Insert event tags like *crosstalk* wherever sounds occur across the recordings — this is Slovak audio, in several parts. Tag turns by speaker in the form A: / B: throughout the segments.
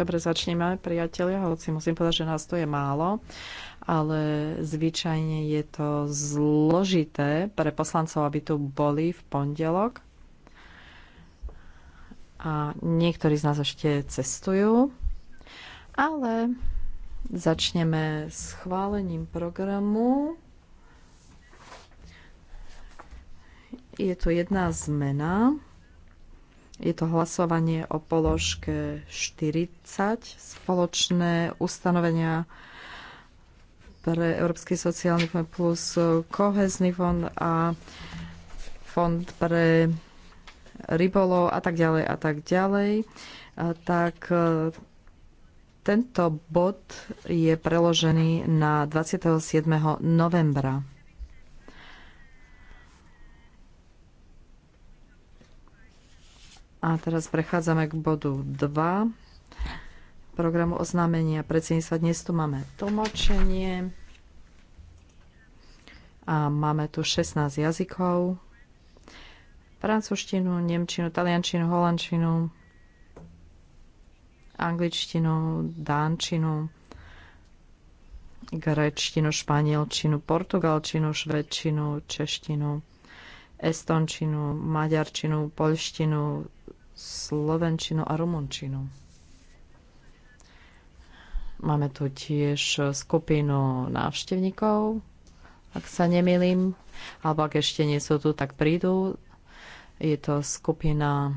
A: Dobre, začneme, priatelia, hoci musím povedať, že nás to je málo, ale zvyčajne je to zložité pre poslancov, aby tu boli v pondelok. A niektorí z nás ešte cestujú, ale začneme s chválením programu. Je tu jedna zmena. Je to hlasovanie o položke 40, spoločné ustanovenia pre Európsky sociálny fond plus kohezný fond a fond pre rybolov a tak ďalej a tak ďalej. A tak e, tento bod je preložený na 27. novembra. A teraz prechádzame k bodu 2 programu oznámenia predsedníctva. Dnes tu máme tlmočenie a máme tu 16 jazykov. Francúzštinu, nemčinu, taliančinu, holandčinu, angličtinu, dánčinu, grečtinu, španielčinu, portugalčinu, švedčinu, češtinu, estončinu, maďarčinu, polštinu slovenčinu a rumunčinu. Máme tu tiež skupinu návštevníkov, ak sa nemilím, alebo ak ešte nie sú tu, tak prídu. Je to skupina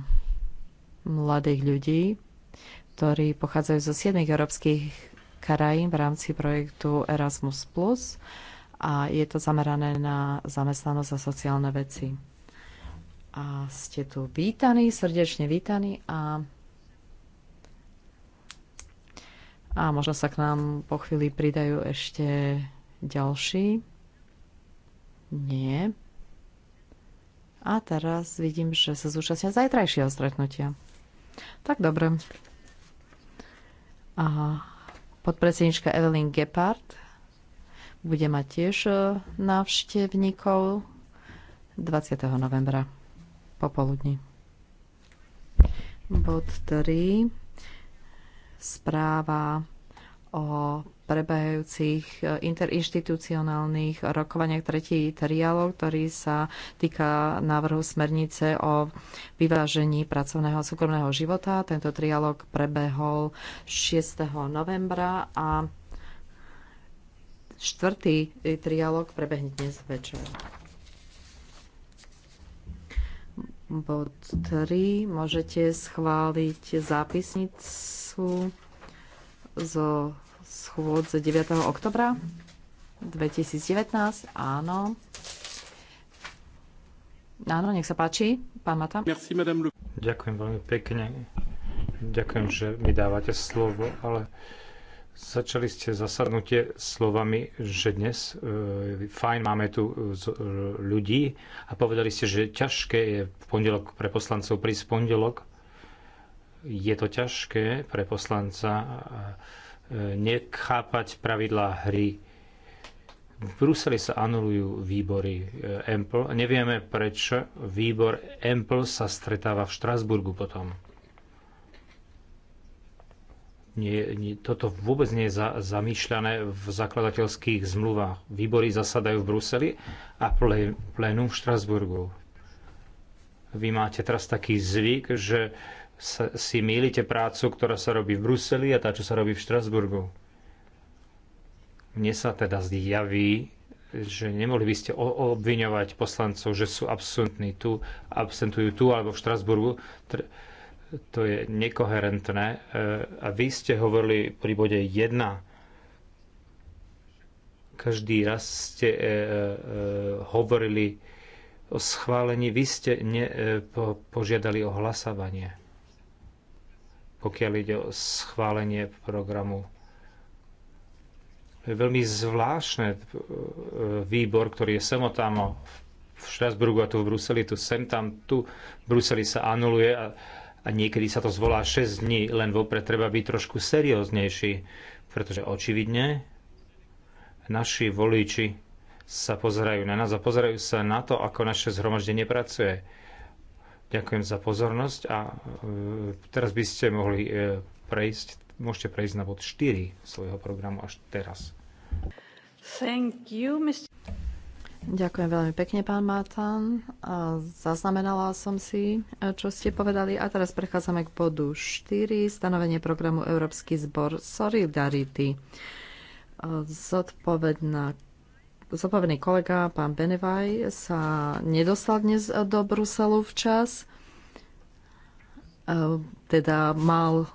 A: mladých ľudí, ktorí pochádzajú zo 7 európskych krajín v rámci projektu Erasmus+, a je to zamerané na zamestnanosť a sociálne veci a ste tu vítaní, srdečne vítaní a, a možno sa k nám po chvíli pridajú ešte ďalší. Nie. A teraz vidím, že sa zúčastnia zajtrajšieho stretnutia. Tak dobre. A podpredsednička Evelyn Gepard bude mať tiež eh, návštevníkov 20. novembra popoludní. Bod 3. Správa o prebehajúcich e, interinštitucionálnych rokovaniach tretí trialog, ktorý sa týka návrhu smernice o vyvážení pracovného a súkromného života. Tento trialog prebehol 6. novembra a štvrtý trialog prebehne dnes večer. Bod 3. Môžete schváliť zápisnicu zo schôdze 9. oktobra 2019. Áno. Áno, nech sa páči. Pán Mata. Merci,
B: Ďakujem veľmi pekne. Ďakujem, že mi dávate slovo, ale Začali ste zasadnutie slovami, že dnes e, fajn máme tu e, z, e, ľudí a povedali ste, že ťažké je v pondelok pre poslancov prísť pondelok. Je to ťažké pre poslanca e, nechápať pravidlá hry. V Bruseli sa anulujú výbory EMPL. Nevieme, prečo výbor EMPL sa stretáva v Štrasburgu potom. Nie, nie, toto vôbec nie je za, zamýšľané v zakladateľských zmluvách. Výbory zasadajú v Bruseli a plé, plénum v Štrasburgu. Vy máte teraz taký zvyk, že sa, si mýlite prácu, ktorá sa robí v Bruseli a tá, čo sa robí v Štrasburgu. Mne sa teda zjaví, že nemohli by ste obviňovať poslancov, že sú absentní tu, absentujú tu alebo v Štrasburgu. Tr- to je nekoherentné. E, a vy ste hovorili pri bode 1. Každý raz ste e, e, hovorili o schválení, vy ste ne, po, požiadali o hlasovanie, pokiaľ ide o schválenie programu. Je veľmi zvláštne výbor, ktorý je samotámo v Štrasburgu a tu v Bruseli, tu sem tam, tu v Bruseli sa anuluje a a niekedy sa to zvolá 6 dní, len vopred treba byť trošku serióznejší, pretože očividne naši voliči sa pozerajú na nás a pozerajú sa na to, ako naše zhromaždenie pracuje. Ďakujem za pozornosť a e, teraz by ste mohli e, prejsť, môžete prejsť na bod 4 svojho programu až teraz.
C: Thank
A: you, Mr. Ďakujem veľmi pekne, pán Mátan. Zaznamenala som si, e, čo ste povedali. A teraz prechádzame k bodu 4, stanovenie programu Európsky zbor Solidarity. E, zodpovedná Zodpovedný kolega, pán Benevaj, sa nedostal dnes do Bruselu včas. E, teda mal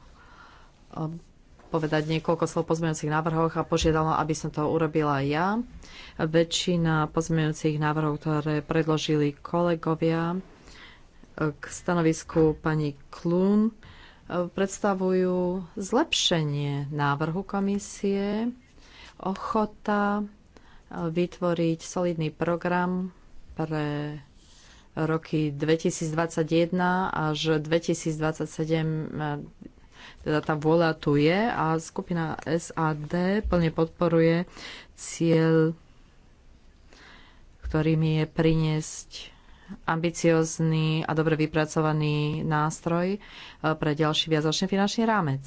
A: povedať niekoľko slov pozmeňujúcich návrhoch a požiadala, aby som to urobila ja. Väčšina pozmeňujúcich návrhov, ktoré predložili kolegovia e, k stanovisku pani Klún, e, predstavujú zlepšenie návrhu komisie, ochota e, vytvoriť solidný program pre roky 2021 až 2027 teda tá vôľa tu je a skupina SAD plne podporuje cieľ, ktorým je priniesť ambiciozný a dobre vypracovaný nástroj eh, pre ďalší viazočný finančný rámec.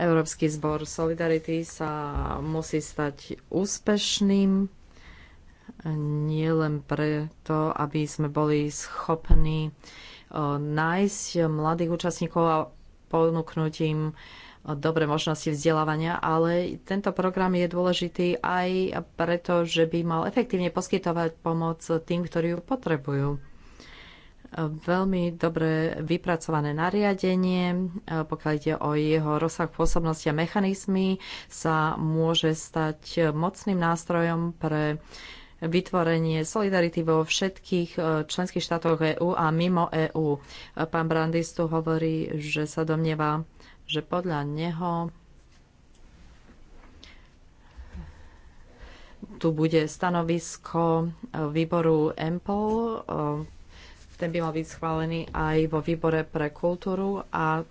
A: Európsky zbor Solidarity sa musí stať úspešným eh, nielen preto, aby sme boli schopní nájsť mladých účastníkov a ponúknuť im dobré možnosti vzdelávania, ale tento program je dôležitý aj preto, že by mal efektívne poskytovať pomoc tým, ktorí ju potrebujú. Veľmi dobre vypracované nariadenie, e, pokiaľ ide o jeho rozsah pôsobnosti a mechanizmy, sa môže stať mocným nástrojom pre vytvorenie solidarity vo všetkých e, členských štátoch EÚ a mimo EÚ. Pán Brandis tu hovorí, že sa domnieva, že podľa neho tu bude stanovisko výboru EMPOL. E, ten by mal byť schválený aj vo výbore pre kultúru a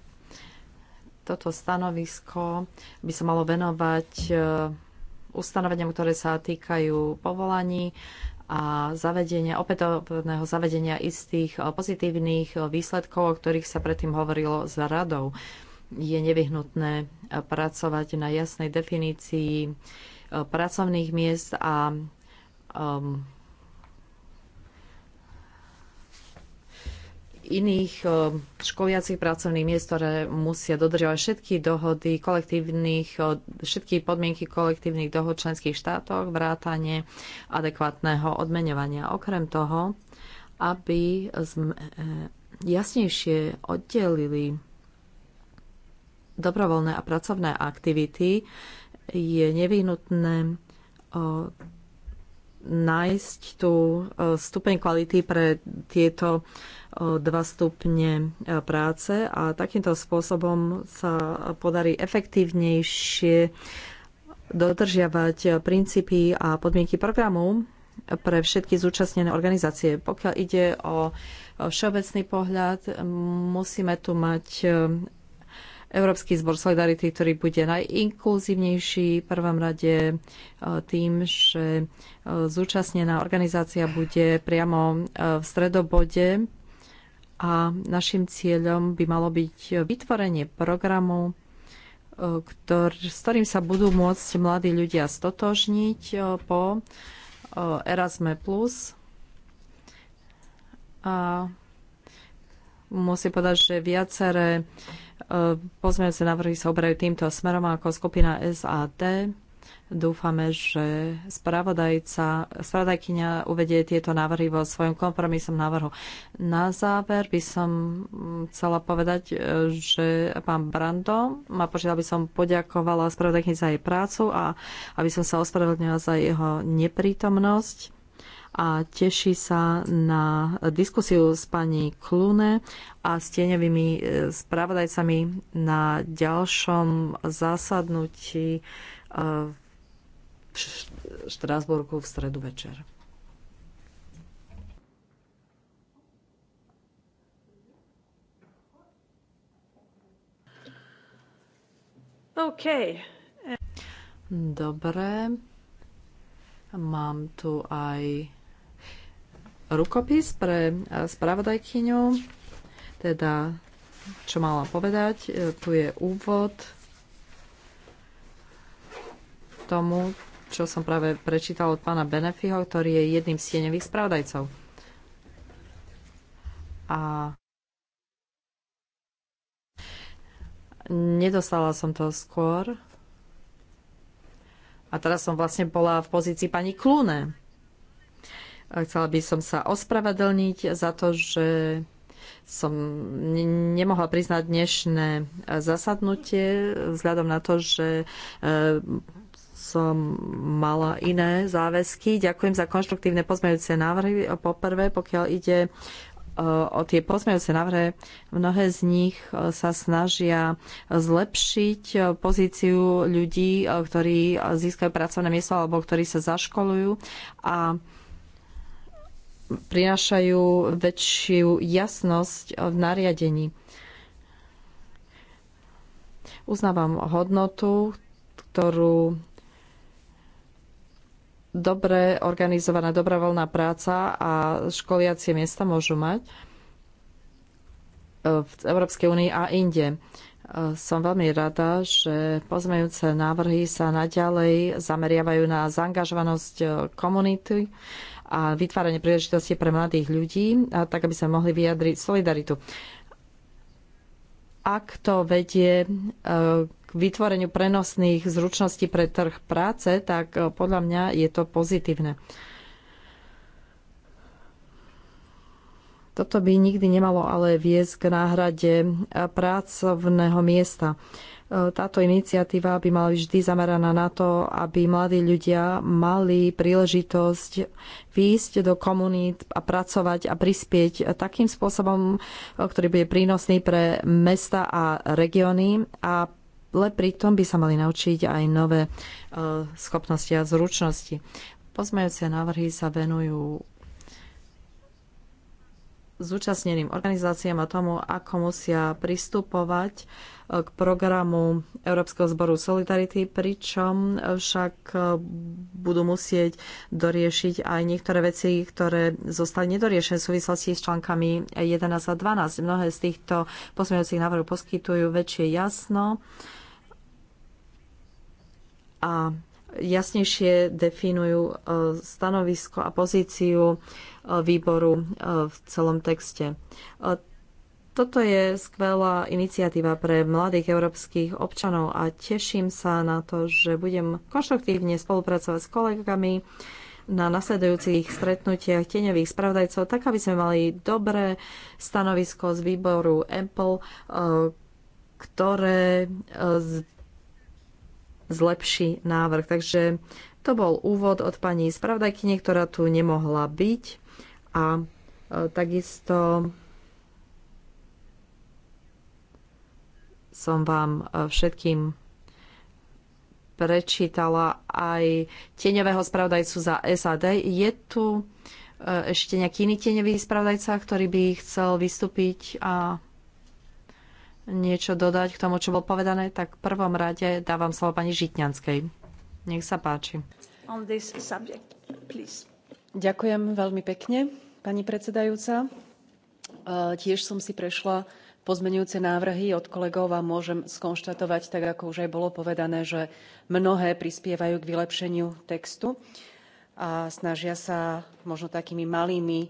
A: toto stanovisko by sa malo venovať e, ustanoveniam, ktoré sa týkajú povolaní a zavedenia, opätovného zavedenia istých eh, pozitívnych eh, výsledkov, o ktorých sa predtým hovorilo s radou. Je nevyhnutné eh, pracovať na jasnej definícii pracovných miest a um, iných eh, školiacich pracovných miest, ktoré musia dodržiavať všetky dohody kolektívnych, eh, všetky podmienky kolektívnych dohod členských štátoch, vrátanie adekvátneho odmeňovania. Okrem toho, aby sme eh, jasnejšie oddelili dobrovoľné a pracovné aktivity, je nevyhnutné nájsť tú stupeň kvality pre tieto 2 stupne e, práce a takýmto spôsobom sa podarí efektívnejšie dodržiavať princípy a podmienky programu pre všetky zúčastnené organizácie. Pokiaľ ide o všeobecný pohľad, musíme tu mať e, Európsky zbor Solidarity, ktorý bude najinkluzívnejší v prvom rade e, tým, že zúčastnená organizácia bude priamo v stredobode a našim cieľom by malo byť vytvorenie programu, e, ktor, s ktorým sa budú môcť mladí ľudia stotožniť e, po e, Erasme+. A musím povedať, že viaceré pozmeňujúce návrhy sa oberajú týmto smerom ako skupina SAD Dúfame, že spravodajca, spravodajkyňa uvedie tieto návrhy vo svojom kompromisom návrhu. Na záver by som chcela povedať, e, že pán Brando ma požiadal, aby som poďakovala spravodajkyni za jej prácu a aby som sa ospravedlnila za jeho neprítomnosť a teší sa na diskusiu s pani Klune a s tieňovými e, spravodajcami na ďalšom zasadnutí v e, v Štrásburgu v stredu večer. OK. Dobre. Mám tu aj rukopis pre eh, spravodajkyňu, teda čo mala povedať. Eh, tu je úvod tomu, čo som práve prečítal od pána Benefiho, ktorý je jedným z tieňových spravodajcov. A nedostala som to skôr. A teraz som vlastne bola v pozícii pani Klune. Chcela by som sa ospravedlniť za to, že som nemohla priznať dnešné zasadnutie vzhľadom na to, že e, som mala iné záväzky. Ďakujem za konštruktívne pozmejúce návrhy. Poprvé, pokiaľ ide e, o tie pozmejúce návrhy, mnohé z nich e, sa snažia zlepšiť e, pozíciu ľudí, ktorí získajú pracovné miesto alebo ktorí sa zaškolujú a prinášajú väčšiu jasnosť v nariadení. Uznávam hodnotu, ktorú dobre organizovaná dobrovoľná práca a školiacie miesta môžu mať e, v Európskej únii a inde. E, som veľmi rada, že pozmejúce návrhy sa naďalej zameriavajú na zaangažovanosť e, komunity a vytváranie príležitosti pre mladých ľudí, tak aby sa mohli vyjadriť solidaritu. Ak to vedie k vytvoreniu prenosných zručností pre trh práce, tak e, podľa mňa je to pozitívne. Toto by nikdy nemalo ale viesť k náhrade pracovného miesta. E, táto iniciatíva by mala vždy zameraná na to, aby mladí ľudia mali príležitosť výjsť do komunít a pracovať a prispieť takým spôsobom, e, ktorý bude prínosný pre mesta a regióny a ale pritom by sa mali naučiť aj nové e, schopnosti a zručnosti. Pozmejúce návrhy sa venujú zúčastneným organizáciám a tomu, ako musia pristupovať e, k programu Európskeho zboru Solidarity, pričom však e, budú musieť doriešiť aj niektoré veci, ktoré zostali nedoriešené v súvislosti s článkami 11 a 12. Mnohé z týchto posmiejúcich návrhov poskytujú väčšie jasno a jasnejšie definujú e, stanovisko a pozíciu e, výboru e, v celom texte. Toto je skvelá iniciatíva pre mladých európskych občanov a teším sa na to, že budem konštruktívne spolupracovať s kolegami na nasledujúcich stretnutiach tieňových spravodajcov, tak aby sme mali dobré stanovisko z výboru Apple, ktoré zlepší návrh. Takže to bol úvod od pani spravodajkyne, ktorá tu nemohla byť a e, takisto som vám e, všetkým prečítala aj tieňového spravodajcu za SAD. Je tu e, ešte nejaký iný tieňový spravodajca, ktorý by chcel vystúpiť a niečo dodať k tomu, čo bolo povedané, tak v prvom rade dávam slovo pani Žitňanskej. Nech sa páči. Subject, Ďakujem veľmi pekne, pani predsedajúca.
D: E, tiež som si prešla pozmenujúce návrhy od kolegov a môžem skonštatovať, tak ako už aj bolo povedané, že mnohé prispievajú k vylepšeniu textu a snažia sa možno takými malými e,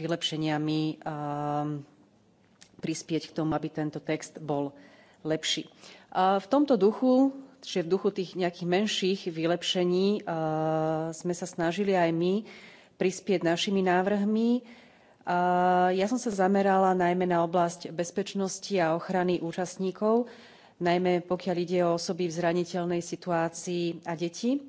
D: vylepšeniami e, prispieť k tomu, aby tento text bol lepší. V tomto duchu, čiže v duchu tých nejakých menších vylepšení, sme sa snažili aj my prispieť našimi návrhmi. Ja som sa zamerala najmä na oblasť bezpečnosti a ochrany účastníkov, najmä pokiaľ ide o osoby v zraniteľnej situácii a deti.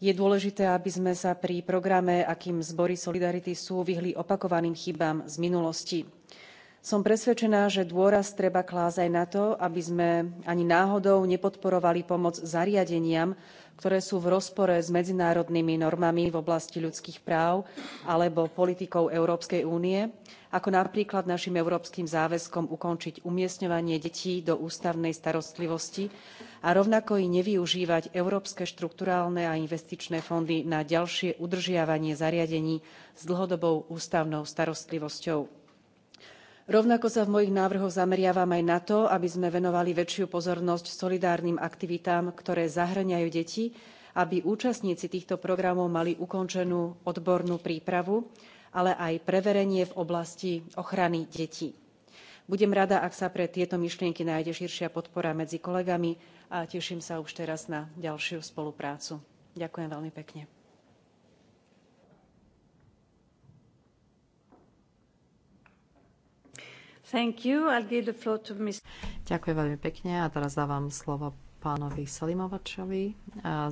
D: Je dôležité, aby sme sa pri programe, akým zbory Solidarity sú, vyhli opakovaným chybám z minulosti som presvedčená, že dôraz treba klásť aj na to, aby sme ani náhodou nepodporovali pomoc zariadeniam, ktoré sú v rozpore s medzinárodnými normami v oblasti ľudských práv alebo politikou Európskej únie, ako napríklad našim európskym záväzkom ukončiť umiestňovanie detí do ústavnej starostlivosti a rovnako i nevyužívať európske štrukturálne a investičné fondy na ďalšie udržiavanie zariadení s dlhodobou ústavnou starostlivosťou Rovnako sa v mojich návrhoch zameriavam aj na to, aby sme venovali väčšiu pozornosť solidárnym aktivitám, ktoré zahrňajú deti, aby účastníci týchto programov mali ukončenú odbornú prípravu, ale aj preverenie v oblasti ochrany detí. Budem rada, ak sa pre tieto myšlienky nájde širšia podpora medzi kolegami a teším sa už teraz na ďalšiu spoluprácu.
C: Ďakujem veľmi pekne. Thank you. I'll give the floor to Ms. Ďakujem
A: veľmi pekne a teraz dávam slovo pánovi Salimovačovi eh,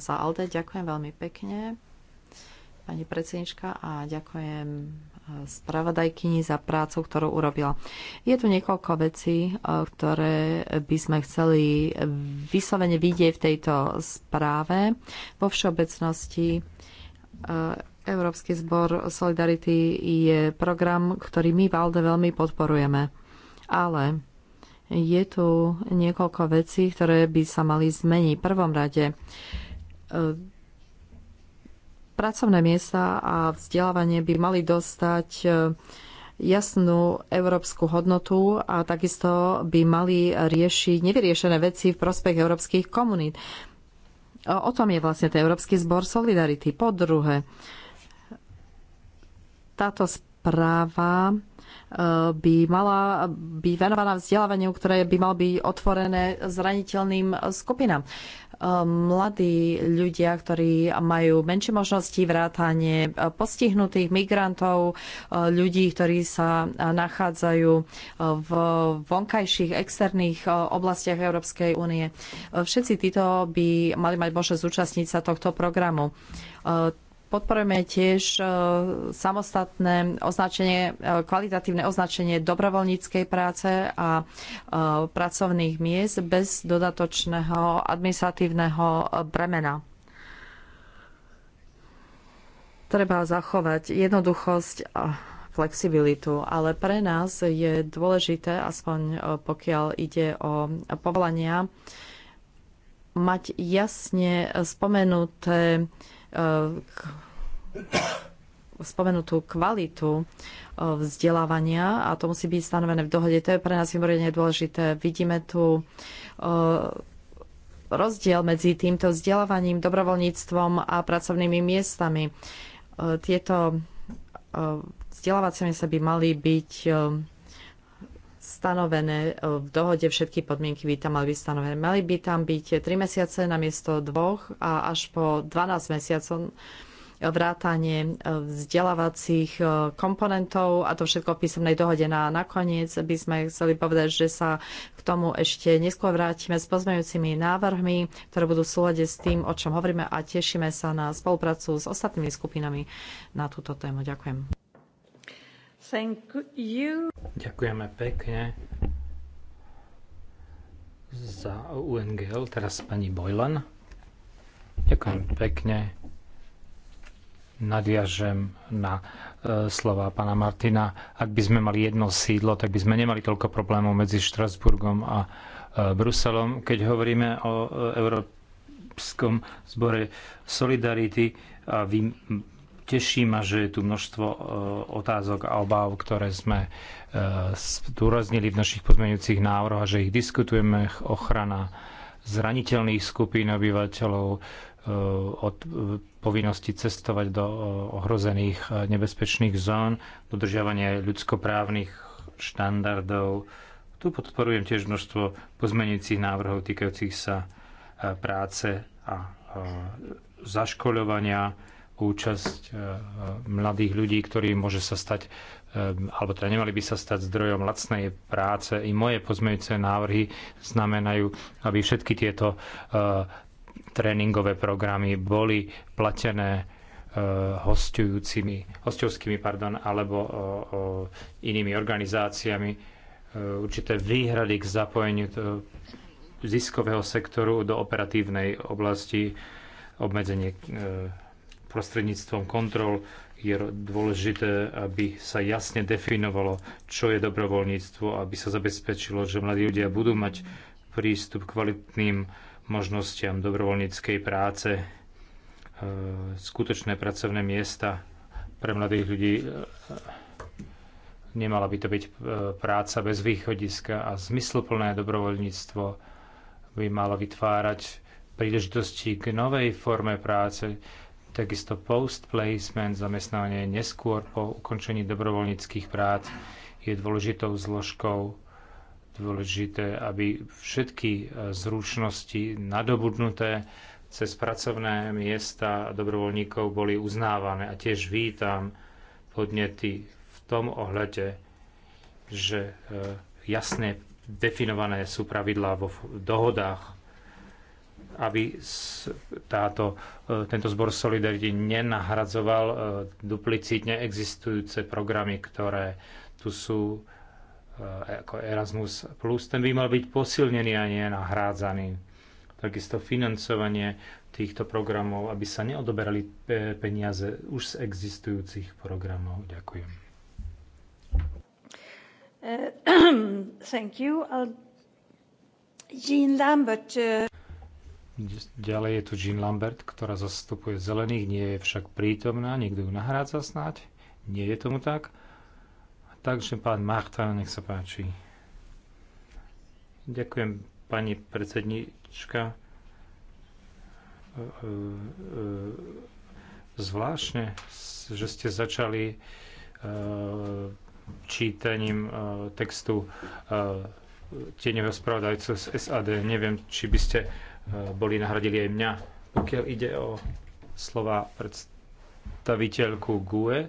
A: za Alde. Ďakujem veľmi pekne, pani predsednička, a ďakujem eh, spravodajkyni za prácu, ktorú urobila. Je tu niekoľko vecí, eh, ktoré by sme chceli vyslovene vidieť v tejto správe. Vo všeobecnosti Európsky zbor Solidarity je program, ktorý my v Alde veľmi podporujeme ale je tu niekoľko vecí, ktoré by sa mali zmeniť. V prvom rade e, pracovné miesta a vzdelávanie by mali dostať e, jasnú európsku hodnotu a takisto by mali riešiť nevyriešené veci v prospech európskych komunít. O tom je vlastne ten Európsky zbor Solidarity. Po druhé, táto správa Eh, by mala byť venovaná vzdelávaniu, ktoré by malo byť otvorené zraniteľným skupinám. Eh, mladí ľudia, ktorí majú menšie možnosti vrátanie postihnutých migrantov, eh, ľudí, ktorí sa nachádzajú v vonkajších externých oblastiach Európskej únie. Všetci títo by mali mať možnosť zúčastniť sa tohto programu Podporujeme tiež e, samostatné označenie, e, kvalitatívne označenie dobrovoľníckej práce a e, pracovných miest bez dodatočného administratívneho bremena. Treba zachovať jednoduchosť a flexibilitu, ale pre nás je dôležité, aspoň pokiaľ ide o povolania, mať jasne spomenuté spomenutú kvalitu e, vzdelávania a to musí byť stanovené v dohode. To je pre nás mimoriadne dôležité. Vidíme tu e, rozdiel medzi týmto vzdelávaním, dobrovoľníctvom a pracovnými miestami. E, tieto vzdelávacie miesta by mali byť stanovené e, v dohode všetky podmienky by tam mali byť stanovené. Mali by tam byť 3 mesiace na miesto dvoch a až po 12 mesiacov vrátanie e, vzdelávacích e, komponentov a to všetko v písomnej dohode. Na no nakoniec by sme chceli povedať, že sa k tomu ešte neskôr vrátime s pozmeňujúcimi návrhmi, ktoré budú v súlade s tým, o čom hovoríme a tešíme sa na spoluprácu s ostatnými skupinami na túto tému. Ďakujem.
C: Thank you.
A: Ďakujeme pekne
B: za UNGL, teraz pani Bojlan. Ďakujem pekne. Nadviažem na e, slova pána Martina. Ak by sme mali jedno sídlo, tak by sme nemali toľko problémov medzi Štrasburgom a e, Bruselom. Keď hovoríme o e, Európskom zbore Solidarity a vy Teší ma, že je tu množstvo e, otázok a obáv, ktoré sme e, zdôraznili v našich pozmeňujúcich návrhoch a že ich diskutujeme. Ochrana zraniteľných skupín obyvateľov, e, od povinnosti cestovať do ohrozených nebezpečných zón, dodržiavanie ľudskoprávnych štandardov. Tu podporujem tiež množstvo pozmenujúcich návrhov týkajúcich sa práce a zaškoľovania účasť e, mladých ľudí, ktorí môže sa stať, e, alebo teda nemali by sa stať zdrojom lacnej práce. I moje pozmeňujúce návrhy znamenajú, aby všetky tieto e, tréningové programy boli platené hostujúcimi, hostovskými pardon, alebo inými organizáciami určité výhrady k zapojeniu ziskového sektoru do operatívnej oblasti obmedzenie prostredníctvom kontrol je dôležité, aby sa jasne definovalo, čo je dobrovoľníctvo, aby sa zabezpečilo, že mladí ľudia budú mať prístup k kvalitným možnostiam dobrovoľníckej práce, e, skutočné pracovné miesta pre mladých ľudí. E, nemala by to byť e, práca bez východiska a zmysluplné dobrovoľníctvo by malo vytvárať príležitosti k novej forme práce, Takisto post-placement, zamestnanie neskôr po ukončení dobrovoľníckých prác je dôležitou zložkou. Dôležité, aby všetky e, zručnosti nadobudnuté cez pracovné miesta dobrovoľníkov boli uznávané. A tiež vítam podnety v tom ohľade, že e, jasne definované sú pravidlá vo dohodách aby táto, e, tento zbor Solidarity nenahradzoval e, duplicitne existujúce programy, ktoré tu sú e, ako Erasmus+. Ten by mal byť posilnený a nie nahrádzaný. Takisto financovanie týchto programov, aby sa neodoberali peniaze už z existujúcich programov. Ďakujem.
C: Uh, *clears throat* thank you. I'll... Jean Lambert uh,
B: Ďalej je tu Jean Lambert, ktorá zastupuje zelených, nie je však prítomná, niekto ju nahrádza snáď. Nie je tomu tak. Takže pán Martin, nech sa páči. Ďakujem, pani predsednička. Zvláštne, že ste začali e, čítaním e, textu e, tieňového spravodajcu z SAD. Neviem, či by ste Eh, boli nahradili aj mňa. Pokiaľ ide o slova predstaviteľku GUE, eh,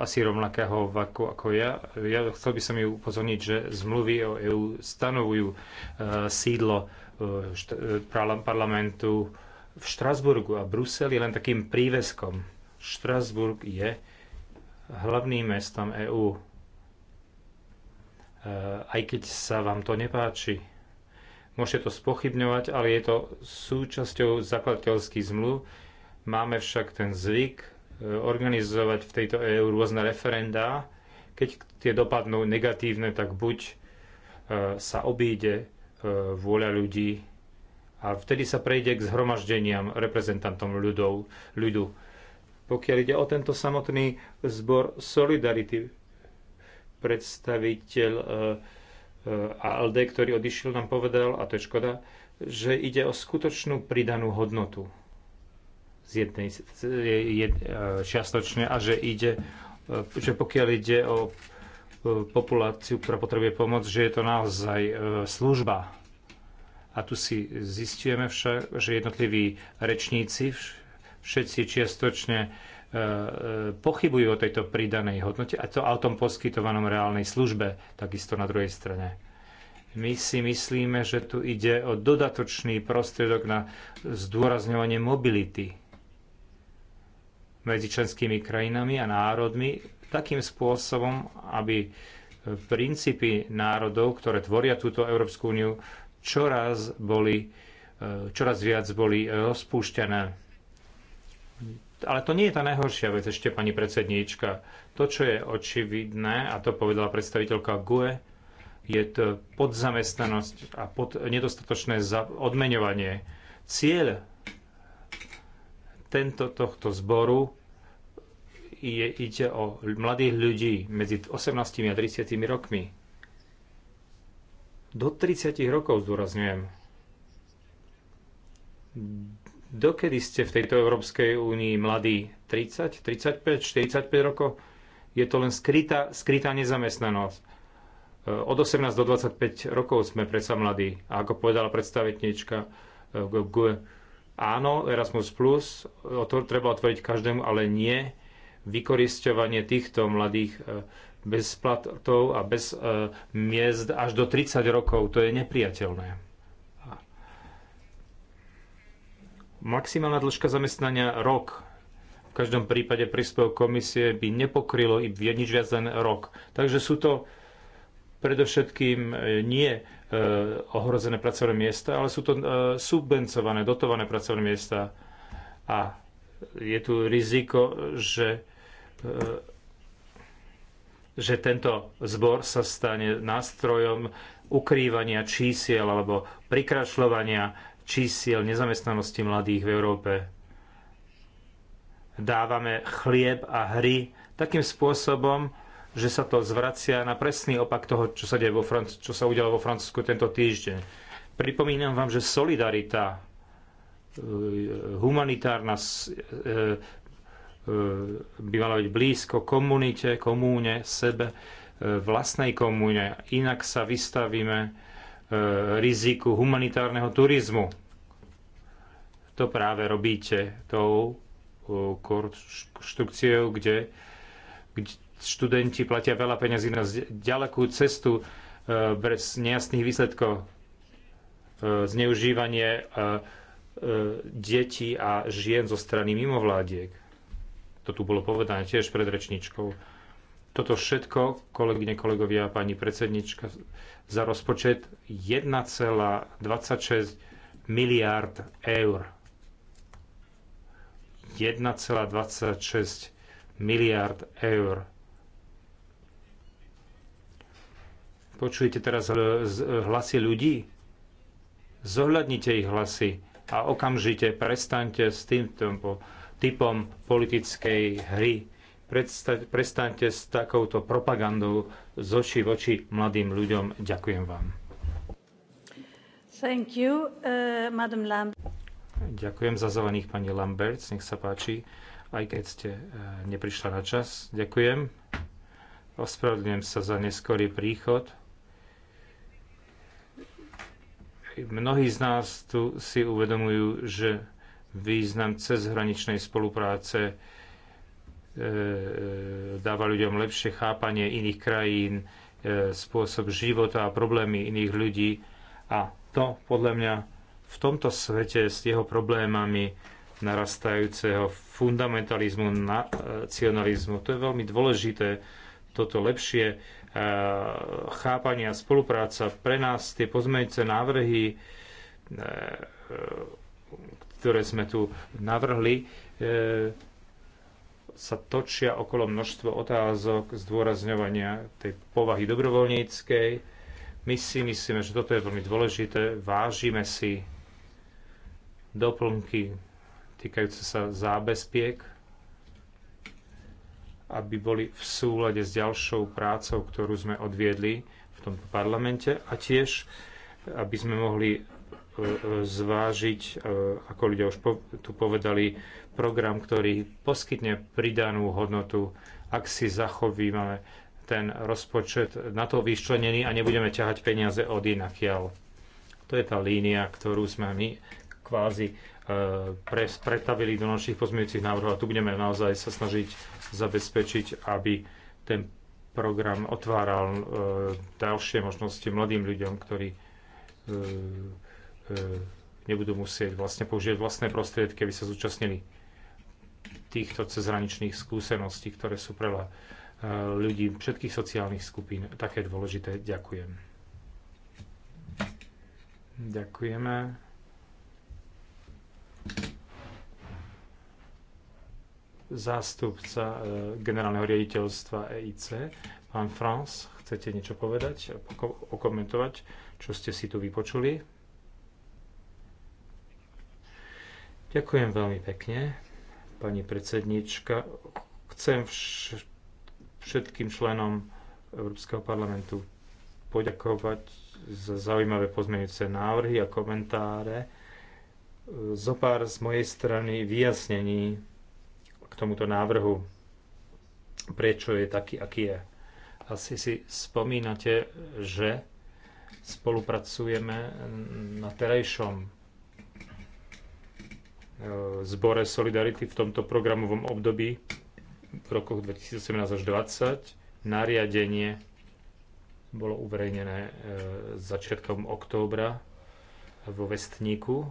B: asi rovnakého vaku ako ja. Ja chcel by som ju upozorniť, že zmluvy o EÚ stanovujú eh, sídlo parlamentu v Štrasburgu a Brusel je len takým príveskom. Štrasburg je hlavným mestom EÚ. Aj keď sa vám to nepáči. Môžete to spochybňovať, ale je to súčasťou zakladateľských zmluv. Máme však ten zvyk e, organizovať v tejto EÚ rôzne referendá. Keď tie dopadnú negatívne, tak buď e, sa obíde e, vôľa ľudí a vtedy sa prejde k zhromaždeniam reprezentantom ľudov, ľudu. Pokiaľ ide o tento samotný zbor Solidarity, predstaviteľ Eh, a ktorý odišiel, nám povedal, a to je škoda, že ide o skutočnú pridanú hodnotu z jednej, eh, čiastočne a že ide, eh, že pokiaľ ide o populáciu, ktorá potrebuje pomoc, že je to naozaj služba. A tu si zistujeme však, že jednotliví rečníci, všetci čiastočne E, e, pochybujú o tejto pridanej hodnote a to a o tom poskytovanom reálnej službe takisto na druhej strane. My si myslíme, že tu ide o dodatočný prostriedok na zdôrazňovanie mobility medzi členskými krajinami a národmi takým spôsobom, aby princípy národov, ktoré tvoria túto Európsku úniu, čoraz boli e, čoraz viac boli rozpúšťané ale to nie je tá najhoršia vec ešte, pani predsedníčka. To, čo je očividné, a to povedala predstaviteľka GUE, je to podzamestnanosť a pod, nedostatočné odmeňovanie. Cieľ tento, tohto zboru je, ide o mladých ľudí medzi 18 a 30 rokmi. Do 30 rokov zdôrazňujem Dokedy ste v tejto Európskej únii mladí? 30, 35, 45 rokov? Je to len skrytá, skrytá nezamestnanosť. E, od 18 do 25 rokov sme predsa mladí. A ako povedala predstavitnička e, GUE, áno, Erasmus+, Plus, otvor, treba otvoriť každému, ale nie vykorisťovanie týchto mladých e, bez platov a bez miest až do 30 rokov. To je nepriateľné. Maximálna dĺžka zamestnania rok. V každom prípade príspevok komisie by nepokrylo i nič viac len rok. Takže sú to predovšetkým e, nie e, ohrozené pracovné miesta, ale sú to e, subvencované, dotované pracovné miesta. A je tu riziko, že že tento zbor sa stane nástrojom ukrývania čísiel alebo prikrašľovania čísiel nezamestnanosti mladých v Európe. Dávame chlieb a hry takým spôsobom, že sa to zvracia na presný opak toho, čo sa, deje vo Franc- čo sa udialo vo Francúzsku tento týždeň. Pripomínam vám, že solidarita, e, humanitárna e, e, by mala byť blízko komunite, komúne, sebe, vlastnej komúne. Inak sa vystavíme Eh, riziku humanitárneho turizmu. To práve robíte tou eh, konštrukciou, kde, kde študenti platia veľa peňazí na ďalekú cestu eh, bez nejasných výsledkov zneužívanie detí a žien zo strany mimovládiek. To tu bolo povedané tiež pred rečničkou toto všetko, kolegyne, kolegovia, pani predsednička, za rozpočet 1,26 miliard eur. 1,26 miliard eur. Počujete teraz hlasy ľudí? Zohľadnite ich hlasy a okamžite prestaňte s týmto typom politickej hry prestaňte s takouto propagandou z oči v oči mladým ľuďom. Ďakujem vám.
C: Thank you, uh, Madam Lam-
B: Ďakujem za zvaných pani Lambert, nech sa páči, aj keď ste uh, neprišla na čas. Ďakujem. Ospravedlňujem sa za neskorý príchod. Mnohí z nás tu si uvedomujú, že význam cezhraničnej spolupráce uh, E, e, dáva ľuďom lepšie chápanie iných krajín, e, spôsob života a problémy iných ľudí. A to podľa mňa v tomto svete s jeho problémami narastajúceho fundamentalizmu, nacionalizmu, to je veľmi dôležité, toto lepšie chápanie a spolupráca pre nás, tie pozmeňujúce návrhy, ktoré sme tu navrhli, sa točia okolo množstvo otázok zdôrazňovania tej povahy dobrovoľníckej. My si myslíme, že toto je veľmi dôležité. Vážime si doplnky týkajúce sa zábezpiek, aby boli v súlade s ďalšou prácou, ktorú sme odviedli v tomto parlamente a tiež, aby sme mohli E, zvážiť, e, ako ľudia už tu povedali, program, ktorý poskytne pridanú hodnotu, ak si zachovíme ten rozpočet na to vyšlenený a nebudeme ťahať peniaze od inakiaľ. To je tá línia, ktorú sme my kvázi e, pre, pretavili do našich pozmeňujúcich návrhov a tu budeme naozaj sa snažiť zabezpečiť, aby ten program otváral ďalšie možnosti mladým ľuďom, ktorí E, nebudú musieť vlastne použiť vlastné prostriedky, aby sa zúčastnili týchto cezhraničných skúseností, ktoré sú pre e, ľudí všetkých sociálnych skupín také dôležité. Ďakujem. Ďakujeme. Zástupca e, generálneho riaditeľstva EIC, pán Franz, chcete niečo povedať, okomentovať, čo ste si tu vypočuli? Ďakujem veľmi pekne, pani predsednička. Chcem vš- všetkým členom Európskeho parlamentu poďakovať za zaujímavé pozmeňujúce návrhy a komentáre. Zopár z mojej strany vyjasnení k tomuto návrhu, prečo je taký, aký je. Asi si spomínate, že spolupracujeme na terajšom Eh, zbore Solidarity v tomto programovom období v rokoch 2018 až 2020. Nariadenie bolo uverejnené eh, začiatkom októbra vo vestníku eh,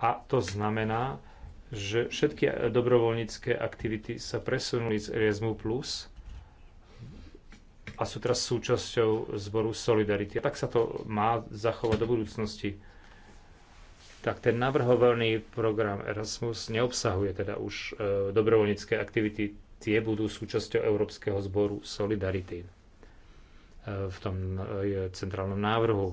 B: a to znamená, že všetky dobrovoľnícke aktivity sa presunuli z Erasmu Plus a sú teraz súčasťou zboru Solidarity. A tak sa to má zachovať do budúcnosti tak ten navrhovaný program Erasmus neobsahuje teda už e, dobrovoľnícke aktivity. Tie budú súčasťou Európskeho zboru Solidarity e, v tom e, centrálnom návrhu.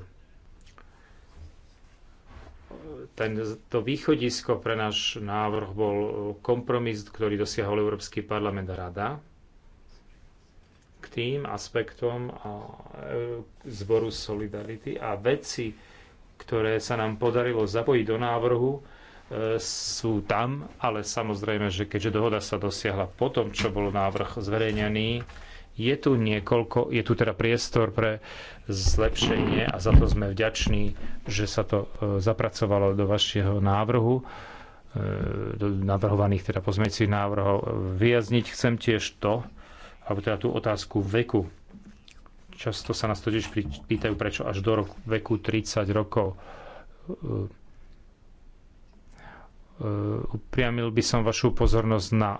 B: Ten, to východisko pre náš návrh bol kompromis, ktorý dosiahol Európsky parlament a Rada k tým aspektom zboru Solidarity a veci, ktoré sa nám podarilo zapojiť do návrhu, e, sú tam, ale samozrejme, že keďže dohoda sa dosiahla po tom, čo bol návrh zverejnený, je tu niekoľko, je tu teda priestor pre zlepšenie a za to sme vďační, že sa to e, zapracovalo do vašeho návrhu e, do navrhovaných teda pozmecích návrhov. Vyjazniť chcem tiež to, alebo teda tú otázku veku Často sa nás totiž pýtajú, prečo až do roku, veku 30 rokov. E, e, upriamil by som vašu pozornosť na e,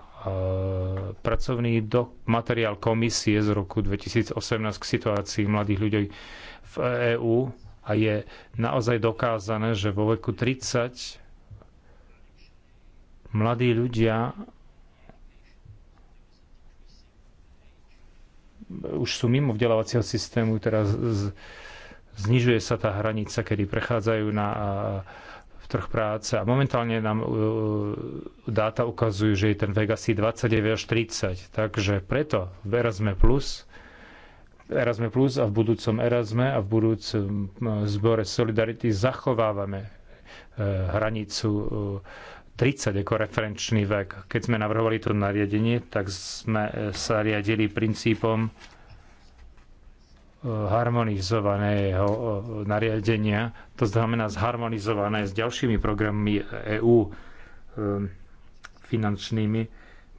B: pracovný do, materiál komisie z roku 2018 k situácii mladých ľudí v EÚ a je naozaj dokázané, že vo veku 30 mladí ľudia už sú mimo vzdelávacieho systému, teraz znižuje sa tá hranica, kedy prechádzajú na trh práce a momentálne nám e, dáta ukazujú, že je ten vek asi 29 až 30. Takže preto v Erasme Plus Erasme Plus a v budúcom Erasme a v budúcom e, zbore Solidarity zachovávame e, hranicu 30 ako referenčný vek. Keď sme navrhovali to nariadenie, tak sme e, sa riadili princípom e, harmonizovaného e, nariadenia, to znamená zharmonizované s ďalšími programmi EÚ finančnými.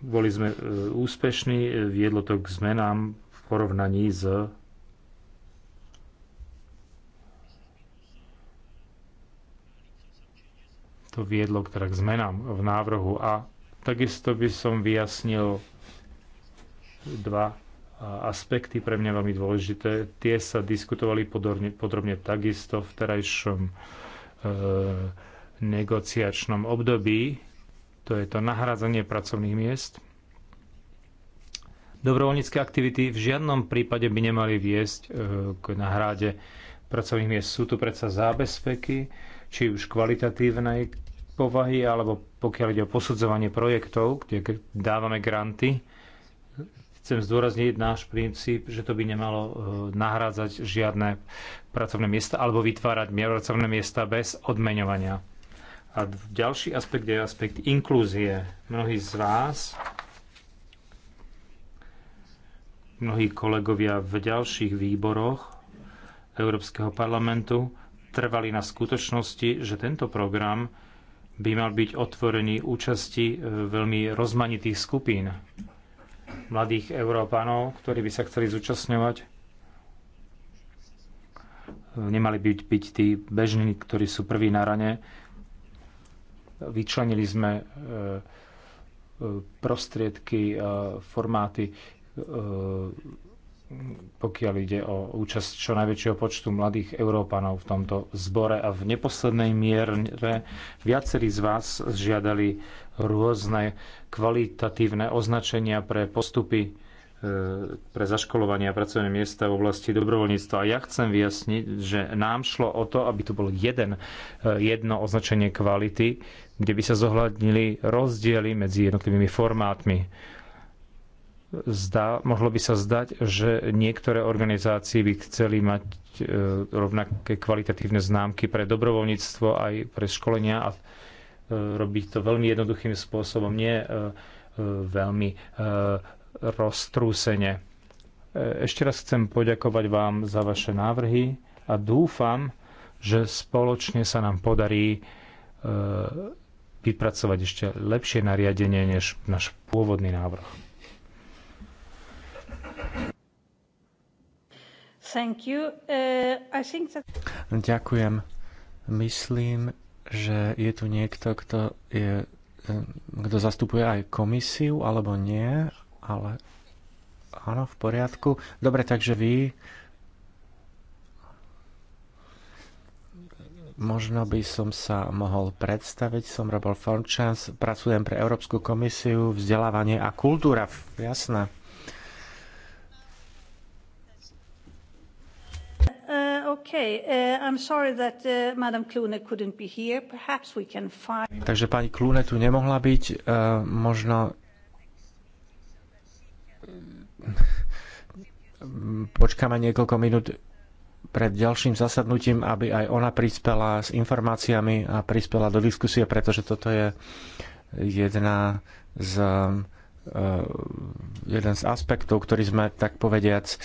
B: Boli sme úspešní, viedlo to k zmenám v porovnaní s to viedlo k, teda k zmenám v návrhu. A takisto by som vyjasnil dva aspekty pre mňa veľmi dôležité. Tie sa diskutovali podrobne, podrobne takisto v terajšom e, negociačnom období. To je to nahrádzanie pracovných miest. Dobrovoľnícke aktivity v žiadnom prípade by nemali viesť e, k nahráde pracovných miest. Sú tu predsa zábezpeky, či už kvalitatívnej, povahy, alebo pokiaľ ide o posudzovanie projektov, kde dávame granty, chcem zdôrazniť náš princíp, že to by nemalo e, nahrádzať žiadne pracovné miesta alebo vytvárať pracovné miesta bez odmeňovania. A ďalší aspekt je aspekt inklúzie. Mnohí z vás, mnohí kolegovia v ďalších výboroch Európskeho parlamentu trvali na skutočnosti, že tento program by mal byť otvorený účasti e, veľmi rozmanitých skupín mladých Európanov, ktorí by sa chceli zúčastňovať. Nemali byť, byť tí bežní, ktorí sú prví na rane. Vyčlenili sme e, e, prostriedky, formáty pokiaľ ide o účasť čo najväčšieho počtu mladých Európanov v tomto zbore. A v neposlednej mierne viacerí z vás žiadali rôzne kvalitatívne označenia pre postupy e, pre zaškolovanie a pracovné miesta v oblasti dobrovoľníctva. A ja chcem vyjasniť, že nám šlo o to, aby to bolo jeden, e, jedno označenie kvality, kde by sa zohľadnili rozdiely medzi jednotlivými formátmi zdá, mohlo by sa zdať, že niektoré organizácie by chceli mať e, rovnaké kvalitatívne známky pre dobrovoľníctvo aj pre školenia a e, robiť to veľmi jednoduchým spôsobom, nie e, veľmi roztrúsene. Ešte raz chcem poďakovať vám za vaše návrhy a dúfam, že spoločne sa nám podarí vypracovať ešte lepšie nariadenie než náš pôvodný návrh.
C: Uh,
E: Ďakujem. Myslím, že je tu niekto, kto, je, eh, kto zastupuje aj komisiu, alebo nie, ale áno, v poriadku. Dobre, takže vy Možno by som sa mohol predstaviť. Som Robol Fornčans, pracujem pre Európsku komisiu, vzdelávanie a kultúra. Jasné.
C: Okay, uh, I'm sorry that uh, Madam couldn't be here. Perhaps we can find... Takže
E: pani Klune tu nemohla byť. Uh, možno... Počkáme niekoľko minút pred ďalším zasadnutím, aby aj ona prispela s informáciami a prispela do diskusie, pretože toto je jedna z Eh, jeden z aspektov, ktorý sme tak povediac eh,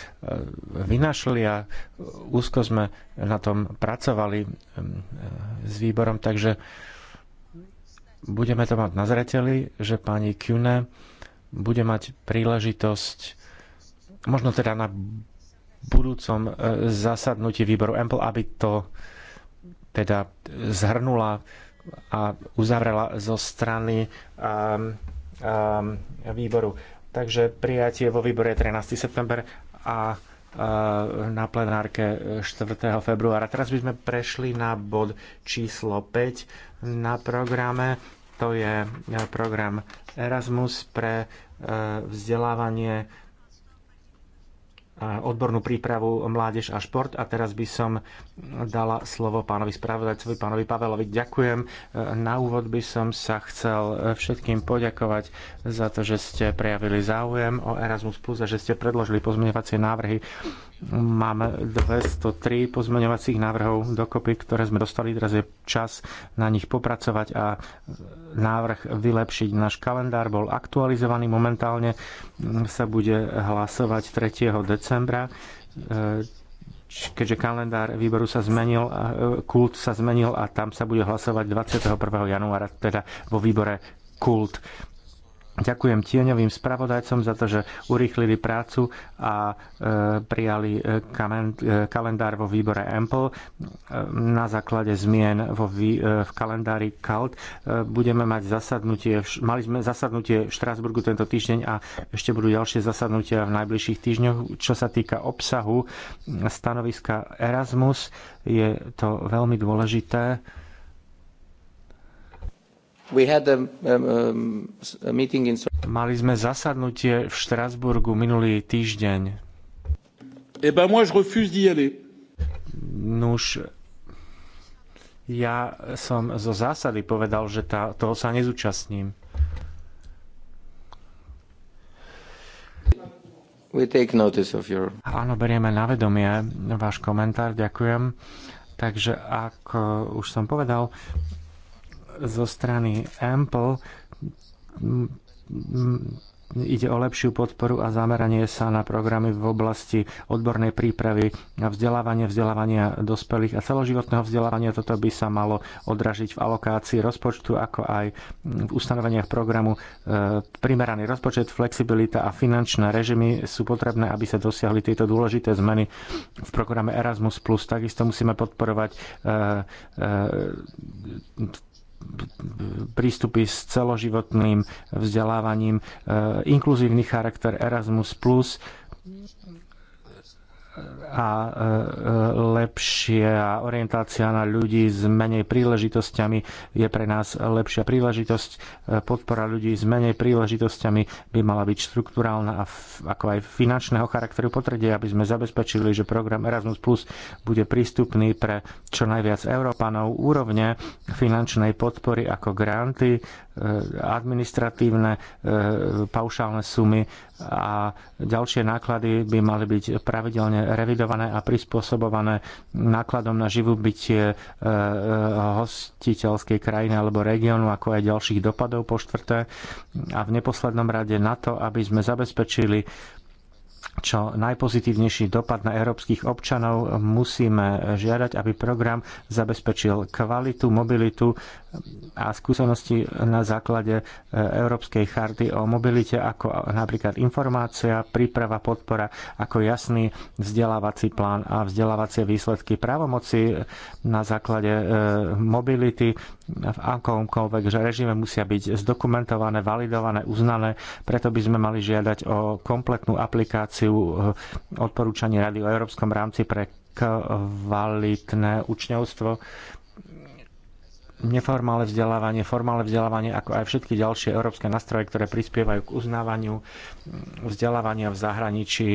E: vynašli a úzko sme na tom pracovali eh, s výborom, takže budeme to mať na zreteli, že pani Kune bude mať príležitosť možno teda na budúcom zasadnutí výboru Ample, aby to teda zhrnula a uzavrela zo strany um, Um, výboru. Takže prijatie vo výbore je 13. september a uh, na plenárke 4. februára. Teraz by sme prešli na bod číslo 5 na programe. To je uh, program Erasmus pre uh, vzdelávanie odbornú prípravu mládež a šport. A teraz by som dala slovo pánovi spravodajcovi, pánovi Pavelovi. Ďakujem. Na úvod by som sa chcel všetkým poďakovať za to, že ste prejavili záujem o Erasmus+, a že ste predložili pozmeňovacie návrhy Máme 203 pozmeňovacích návrhov dokopy, ktoré sme dostali. Teraz je čas na nich popracovať a návrh vylepšiť. Náš kalendár bol aktualizovaný. Momentálne sa bude hlasovať 3. decembra keďže kalendár výboru sa zmenil, e, kult sa zmenil a tam sa bude hlasovať 21. januára, teda vo výbore kult. Ďakujem tieňovým spravodajcom za to, že urýchlili prácu a e, prijali e, e, kalendár vo výbore EMPL. na základe zmien vo v kalendári CALT budeme mať zasadnutie, mali sme zasadnutie v Štrásburgu tento týždeň a ešte budú ďalšie zasadnutia v najbližších týždňoch. Čo sa týka obsahu stanoviska Erasmus, je to veľmi dôležité Um, um, Mali sme zasadnutie v Štrasburgu minulý týždeň.
A: Eh ben moi, je refuse d'y aller.
E: Nuž, ja som zo zásady povedal, že tá, toho sa nezúčastním. We take notice of your... Áno, berieme na vedomie váš komentár, ďakujem. Takže ako už som povedal, zo strany Ample ide o lepšiu podporu a zameranie sa na programy v oblasti odbornej prípravy na vzdelávanie, vzdelávania dospelých a celoživotného vzdelávania. Toto by sa malo odražiť v alokácii rozpočtu, ako aj v ustanoveniach programu. E, primeraný rozpočet, flexibilita a finančné režimy sú potrebné, aby sa dosiahli tieto dôležité zmeny v programe Erasmus+. Takisto musíme podporovať e, e, prístupy s celoživotným vzdelávaním, e, inkluzívny charakter Erasmus+, a e, e, lepšia orientácia na ľudí s menej príležitosťami je pre nás lepšia príležitosť. E, podpora ľudí s menej príležitosťami by mala byť štruktúrálna a ako aj finančného charakteru potredie, aby sme zabezpečili, že program Erasmus Plus bude prístupný pre čo najviac Európanov úrovne finančnej podpory ako granty, administratívne paušálne sumy a ďalšie náklady by mali byť pravidelne revidované a prispôsobované nákladom na bytie e, e, hostiteľskej krajiny alebo regiónu, ako aj ďalších dopadov po štvrté. A v neposlednom rade na to, aby sme zabezpečili čo najpozitívnejší dopad na európskych občanov, musíme žiadať, aby program zabezpečil kvalitu, mobilitu a skúsenosti na základe e, Európskej charty o mobilite, ako napríklad informácia, príprava, podpora, ako jasný vzdelávací plán a vzdelávacie výsledky právomoci na základe e, mobility v akomkoľvek že režime musia byť zdokumentované, validované, uznané. Preto by sme mali žiadať o kompletnú aplikáciu eh, odporúčaní Rady o Európskom rámci pre kvalitné učňovstvo neformálne vzdelávanie, formálne vzdelávanie, ako aj všetky ďalšie európske nástroje, ktoré prispievajú k uznávaniu vzdelávania v zahraničí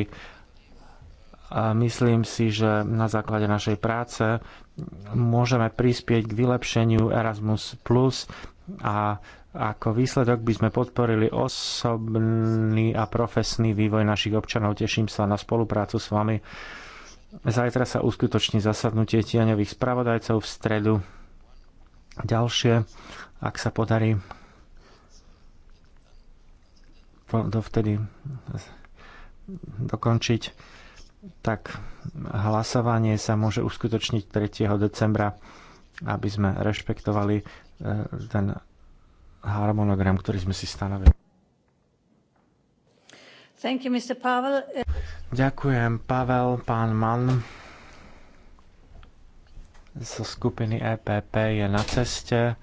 E: a myslím si, že na základe našej práce môžeme prispieť k vylepšeniu Erasmus Plus a ako výsledok by sme podporili osobný a profesný vývoj našich občanov. Teším sa na spoluprácu s vami. Zajtra sa uskutoční zasadnutie tieňových spravodajcov v stredu. Ďalšie, ak sa podarí, dovtedy dokončiť tak hlasovanie sa môže uskutočniť 3. decembra, aby sme rešpektovali e, ten harmonogram, ktorý sme si stanovili.
C: Thank you, Mr. Pavel.
E: Ďakujem, Pavel, pán Mann zo skupiny EPP je na ceste,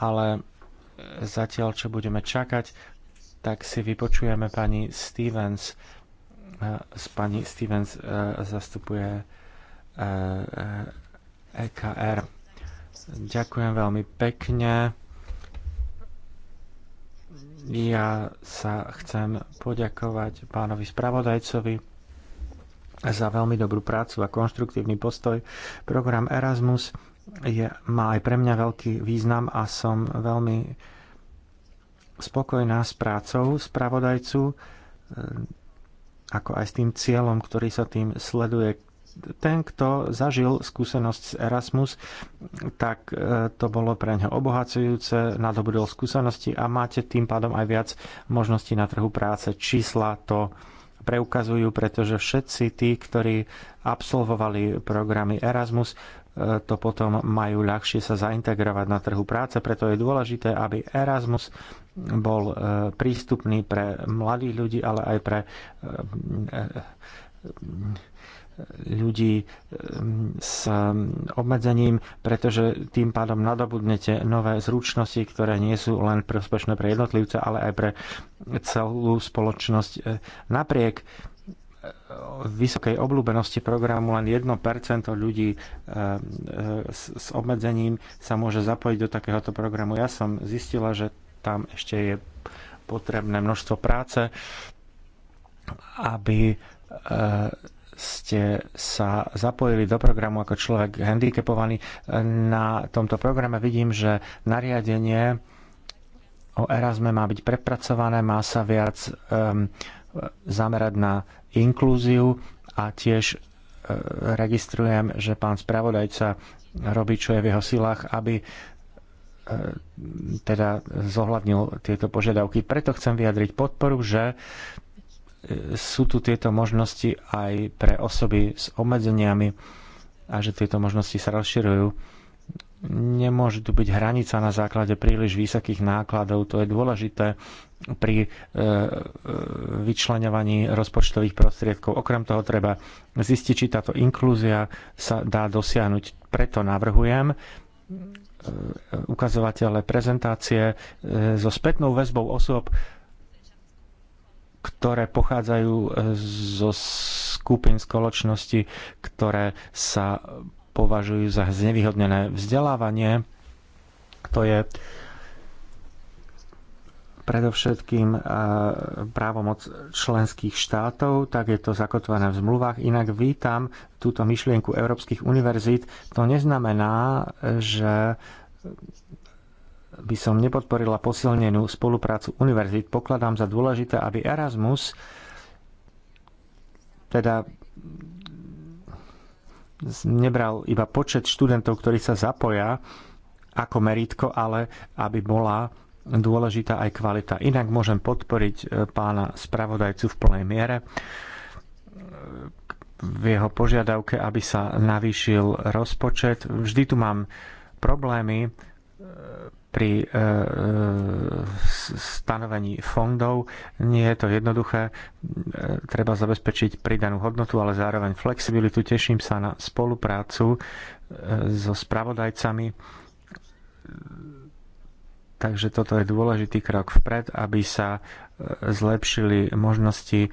E: ale zatiaľ, čo budeme čakať, tak si vypočujeme pani Stevens, s pani Stevens e, zastupuje EKR. E, e Ďakujem veľmi pekne. Ja sa chcem poďakovať pánovi spravodajcovi za veľmi dobrú prácu a konštruktívny postoj. Program Erasmus je, má aj pre mňa veľký význam a som veľmi spokojná s prácou spravodajcu ako aj s tým cieľom, ktorý sa tým sleduje. Ten, kto zažil skúsenosť z Erasmus, tak e, to bolo pre ňo obohacujúce, nadobudol skúsenosti a máte tým pádom aj viac možností na trhu práce. Čísla to preukazujú, pretože všetci tí, ktorí absolvovali programy Erasmus, e, to potom majú ľahšie sa zaintegrovať na trhu práce, preto je dôležité, aby Erasmus bol e, prístupný pre mladých ľudí, ale aj pre e, e, ľudí s obmedzením, pretože tým pádom nadobudnete nové zručnosti, ktoré nie sú len prospešné pre jednotlivca, ale aj pre celú spoločnosť. Napriek vysokej obľúbenosti programu len 1% ľudí s obmedzením sa môže zapojiť do takéhoto programu. Ja som zistila, že tam ešte je potrebné množstvo práce, aby e, ste sa zapojili do programu ako človek handicapovaný. Na tomto programe vidím, že nariadenie o Erasme má byť prepracované, má sa viac um, zamerať na inklúziu a tiež uh, registrujem, že pán spravodajca robí, čo je v jeho silách, aby E, teda zohľadnil tieto požiadavky. Preto chcem vyjadriť podporu, že e, sú tu tieto možnosti aj pre osoby s obmedzeniami a že tieto možnosti sa rozširujú. Nemôže tu byť hranica na základe príliš vysokých nákladov, to je dôležité pri e, vyčlenovaní rozpočtových prostriedkov. Okrem toho treba zistiť, či táto inklúzia sa dá dosiahnuť. Preto navrhujem, E, ukazovatele, prezentácie e, so spätnou väzbou osôb, ktoré pochádzajú e, zo skupín spoločnosti, ktoré sa považujú za znevýhodnené vzdelávanie. To je predovšetkým e, právomoc členských štátov, tak je to zakotvené v zmluvách. Inak vítam túto myšlienku európskych univerzít. To neznamená, že by som nepodporila posilnenú spoluprácu univerzít. Pokladám za dôležité, aby Erasmus teda nebral iba počet študentov, ktorí sa zapoja ako meritko, ale aby bola dôležitá aj kvalita. Inak môžem podporiť e, pána spravodajcu v plnej miere e, v jeho požiadavke, aby sa navýšil rozpočet. Vždy tu mám problémy e, pri stanovení fondov. Nie je to jednoduché. Treba zabezpečiť pridanú hodnotu, ale zároveň flexibilitu. Teším sa na spoluprácu so spravodajcami Takže toto je dôležitý krok vpred, aby sa e, zlepšili možnosti e,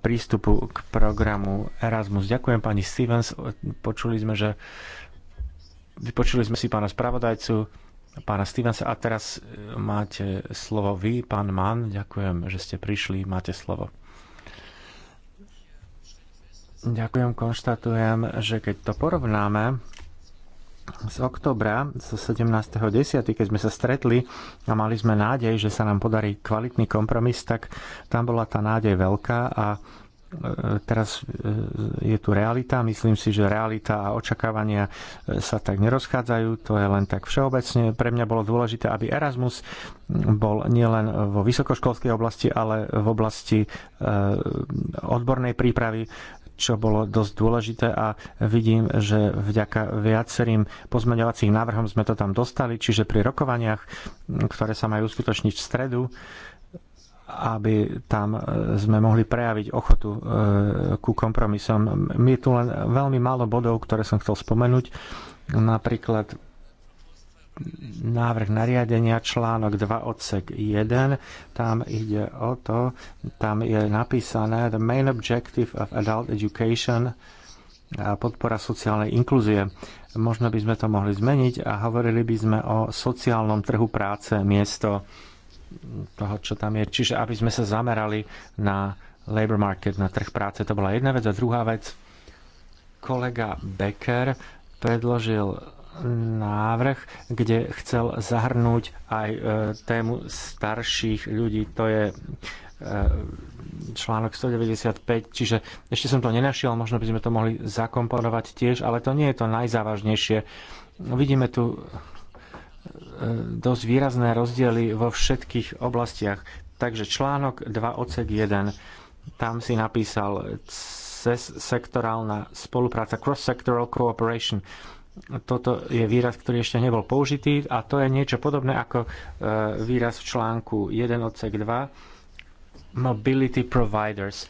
E: prístupu k programu Erasmus. Ďakujem pani Stevens. Počuli sme, že vypočuli sme si pána spravodajcu, pána Stevensa a teraz e, máte slovo vy, pán Mann. Ďakujem, že ste prišli, máte slovo. Ďakujem, konštatujem, že keď to porovnáme, z oktobra, zo 17.10., keď sme sa stretli a mali sme nádej, že sa nám podarí kvalitný kompromis, tak tam bola tá nádej veľká a e, teraz e, je tu realita. Myslím si, že realita a očakávania e, sa tak nerozchádzajú. To je len tak všeobecne. Pre mňa bolo dôležité, aby Erasmus bol nielen vo vysokoškolskej oblasti, ale v oblasti odbornej prípravy čo bolo dosť dôležité a vidím, že vďaka viacerým pozmeňovacím návrhom sme to tam dostali, čiže pri rokovaniach, ktoré sa majú uskutočniť v stredu, aby tam e, sme mohli prejaviť ochotu e, ku kompromisom. My Je tu len veľmi málo bodov, ktoré som chcel spomenúť. Napríklad návrh nariadenia článok 2 odsek 1. Tam ide o to, tam je napísané The main objective of adult education a podpora sociálnej inkluzie. Možno by sme to mohli zmeniť a hovorili by sme o sociálnom trhu práce miesto toho, čo tam je. Čiže aby sme sa zamerali na labor market, na trh práce. To bola jedna vec. A druhá vec, kolega Becker predložil návrh, kde chcel zahrnúť aj e, tému starších ľudí. To je e, článok 195, čiže ešte som to nenašiel, možno by sme to mohli zakomponovať tiež, ale to nie je to najzávažnejšie. Vidíme tu e, dosť výrazné rozdiely vo všetkých oblastiach. Takže článok 2 odsek 1, tam si napísal cez sektorálna spolupráca, cross-sectoral cooperation. Toto je výraz, ktorý ešte nebol použitý a to je niečo podobné ako e, výraz v článku 1 odsek 2 Mobility Providers.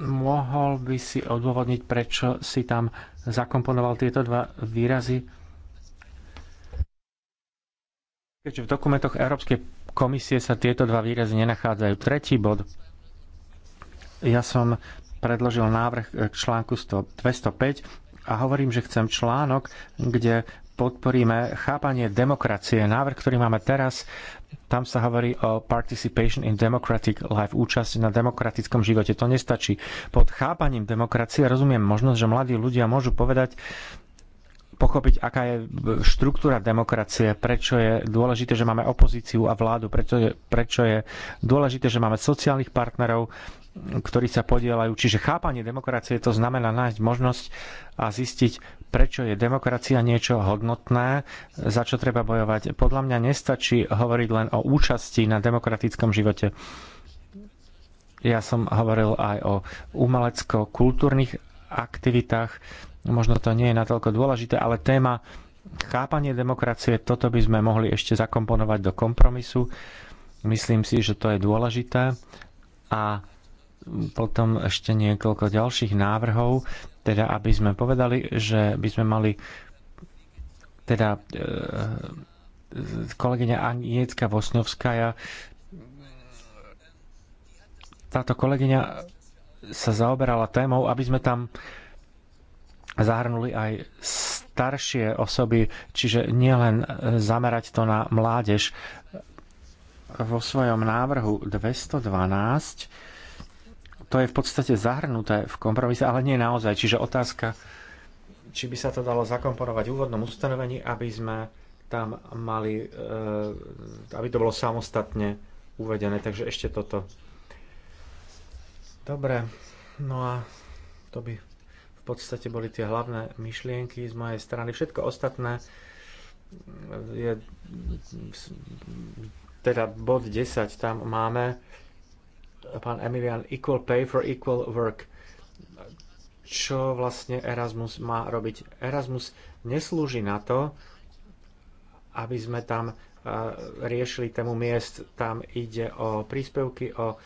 E: Mohol by si odôvodniť, prečo si tam zakomponoval tieto dva výrazy? Keďže v dokumentoch Európskej komisie sa tieto dva výrazy nenachádzajú. Tretí bod. Ja som predložil návrh k článku 205 a hovorím, že chcem článok, kde podporíme chápanie demokracie. Návrh, ktorý máme teraz, tam sa hovorí o participation in democratic life, účasť na demokratickom živote. To nestačí. Pod chápaním demokracie rozumiem možnosť, že mladí ľudia môžu povedať, pochopiť, aká je štruktúra demokracie, prečo je dôležité, že máme opozíciu a vládu, prečo je, prečo je dôležité, že máme sociálnych partnerov ktorí sa podielajú. Čiže chápanie demokracie to znamená nájsť možnosť a zistiť, prečo je demokracia niečo hodnotné, za čo treba bojovať. Podľa mňa nestačí hovoriť len o účasti na demokratickom živote. Ja som hovoril aj o umelecko-kultúrnych aktivitách. Možno to nie je natoľko dôležité, ale téma chápanie demokracie, toto by sme mohli ešte zakomponovať do kompromisu. Myslím si, že to je dôležité. A potom ešte niekoľko ďalších návrhov, teda aby sme povedali, že by sme mali teda e, kolegyňa Aniecka Vosňovská táto kolegyňa sa zaoberala témou, aby sme tam zahrnuli aj staršie osoby, čiže nielen zamerať to na mládež. Vo svojom návrhu 212 to je v podstate zahrnuté v kompromise, ale nie naozaj. Čiže otázka, či by sa to dalo zakomponovať v úvodnom ustanovení, aby sme tam mali, e, aby to bolo samostatne uvedené. Takže ešte toto. Dobre, no a to by v podstate boli tie hlavné myšlienky z mojej strany. Všetko ostatné je teda bod 10 tam máme pán Emilian Equal Pay for Equal Work. Čo vlastne Erasmus má robiť? Erasmus neslúži na to, aby sme tam eh, riešili tému miest. Tam ide o príspevky, o eh,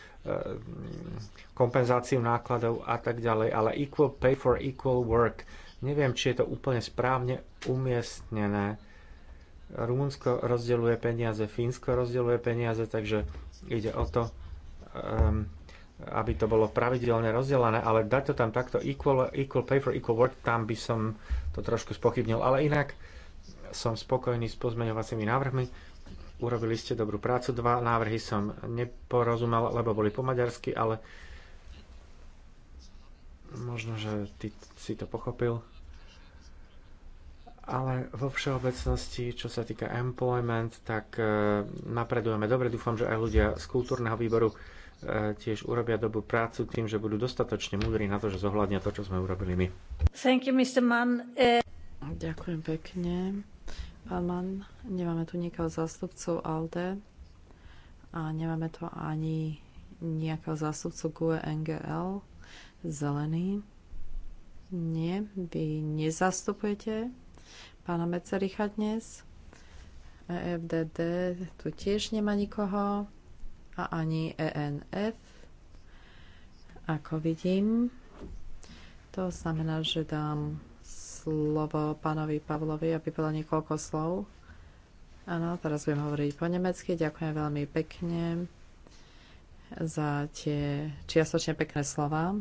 E: kompenzáciu nákladov a tak ďalej, ale equal pay for equal work. Neviem, či je to úplne správne umiestnené. Rumunsko rozdeľuje peniaze, Fínsko rozdeľuje peniaze, takže ide o to, Um, aby to bolo pravidelne rozdelené, ale dať to tam takto equal, equal pay for equal work, tam by som to trošku spochybnil. Ale inak som spokojný s pozmeňovacími návrhmi. Urobili ste dobrú prácu. Dva návrhy som neporozumel, lebo boli po maďarsky, ale možno, že ty si to pochopil. Ale vo všeobecnosti, čo sa týka employment, tak eh, napredujeme dobre. Dúfam, že aj ľudia z kultúrneho výboru E, tiež urobia dobrú prácu tým, že budú dostatočne múdri na to, že zohľadnia to, čo sme urobili my.
C: Thank you, Mr. Mann. E,
A: Ďakujem pekne. Pán Mann, nemáme tu niekoho zástupcov ALDE a nemáme tu ani nejakého zástupcu GUE NGL, zelený. Nie, vy nezastupujete pána Mecericha dnes. EFDD tu tiež nemá nikoho a ani ENF. Ako vidím, to znamená, že dám slovo pánovi Pavlovi, aby povedal niekoľko slov. Áno, teraz budem hovoriť po nemecky. Ďakujem veľmi pekne za tie čiastočne pekné slova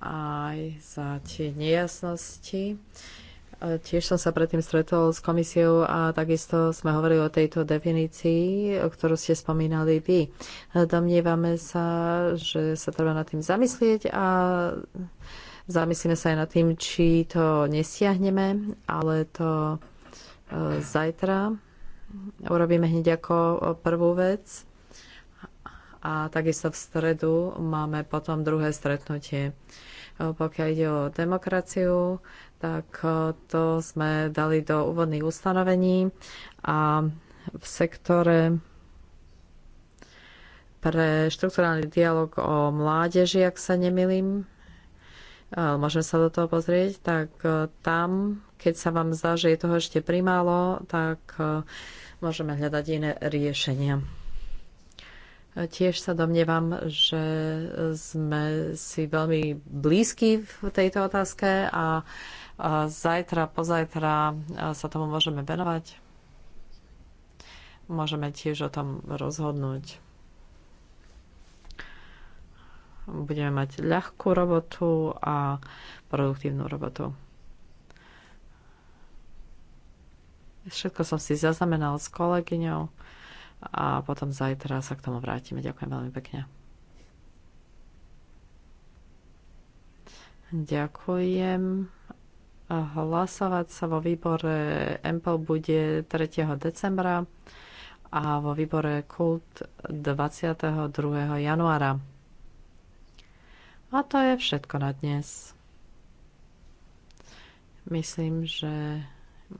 A: aj za tie nejasnosti. Tiež som sa predtým stretol s komisiou a takisto sme hovorili o tejto definícii, o ktorú ste spomínali vy. Domnievame sa, že sa treba nad tým zamyslieť a zamyslíme sa aj nad tým, či to nestiahneme, ale to e, zajtra urobíme hneď ako prvú vec. A takisto v stredu máme potom druhé stretnutie. E, pokiaľ ide o demokraciu, tak eh, to sme dali do úvodných ustanovení a v sektore pre štrukturálny dialog o mládeži, ak sa nemilím, eh, môžem sa do toho pozrieť, tak eh, tam, keď sa vám zdá, že je toho ešte primálo, tak môžeme hľadať iné riešenia. Tiež sa domnievam, že sme si veľmi blízki v tejto otázke a uh, Zajtra, pozajtra sa tomu môžeme venovať. Môžeme tiež o tom rozhodnúť. Budeme mať ľahkú robotu a produktívnu robotu. Všetko som si zaznamenal s kolegyňou a potom zajtra sa k tomu vrátime. Ďakujem veľmi pekne. Ďakujem. Hlasovať sa vo výbore MPL bude 3. decembra a vo výbore KULT 22. januára. A to je všetko na dnes. Myslím, že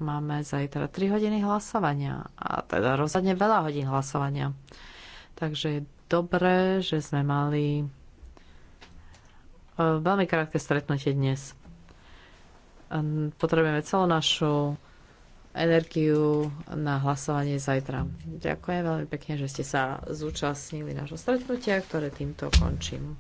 A: máme zajtra 3 hodiny hlasovania a teda rozhodne veľa hodín hlasovania. Takže je dobré, že sme mali e, veľmi krátke stretnutie dnes. Ehm, potrebujeme celú našu energiu na hlasovanie zajtra. Ďakujem veľmi pekne, že ste sa zúčastnili nášho stretnutia, ktoré týmto končím.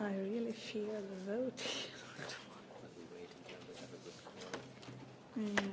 C: I really fear the vote. *laughs* Mm.